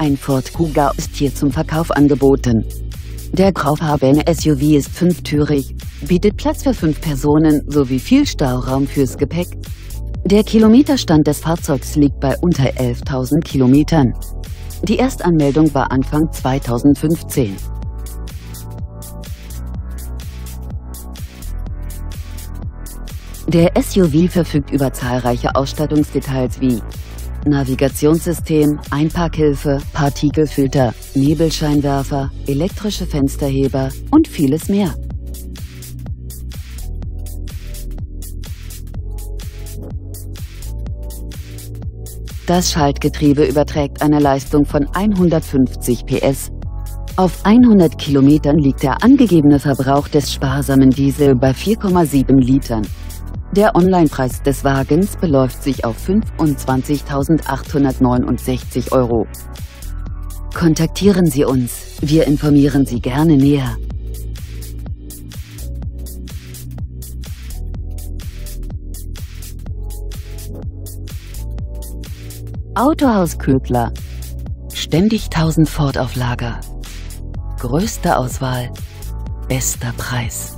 Ein Ford Kuga ist hier zum Verkauf angeboten. Der graufarbene SUV ist fünftürig, bietet Platz für fünf Personen sowie viel Stauraum fürs Gepäck. Der Kilometerstand des Fahrzeugs liegt bei unter 11.000 Kilometern. Die Erstanmeldung war Anfang 2015. Der SUV verfügt über zahlreiche Ausstattungsdetails wie Navigationssystem, Einparkhilfe, Partikelfilter, Nebelscheinwerfer, elektrische Fensterheber und vieles mehr. Das Schaltgetriebe überträgt eine Leistung von 150 PS. Auf 100 Kilometern liegt der angegebene Verbrauch des sparsamen Diesel bei 4,7 Litern. Der Onlinepreis des Wagens beläuft sich auf 25.869 Euro. Kontaktieren Sie uns, wir informieren Sie gerne näher. Autohaus Köbler. Ständig 1000 Ford auf Lager. Größte Auswahl, bester Preis.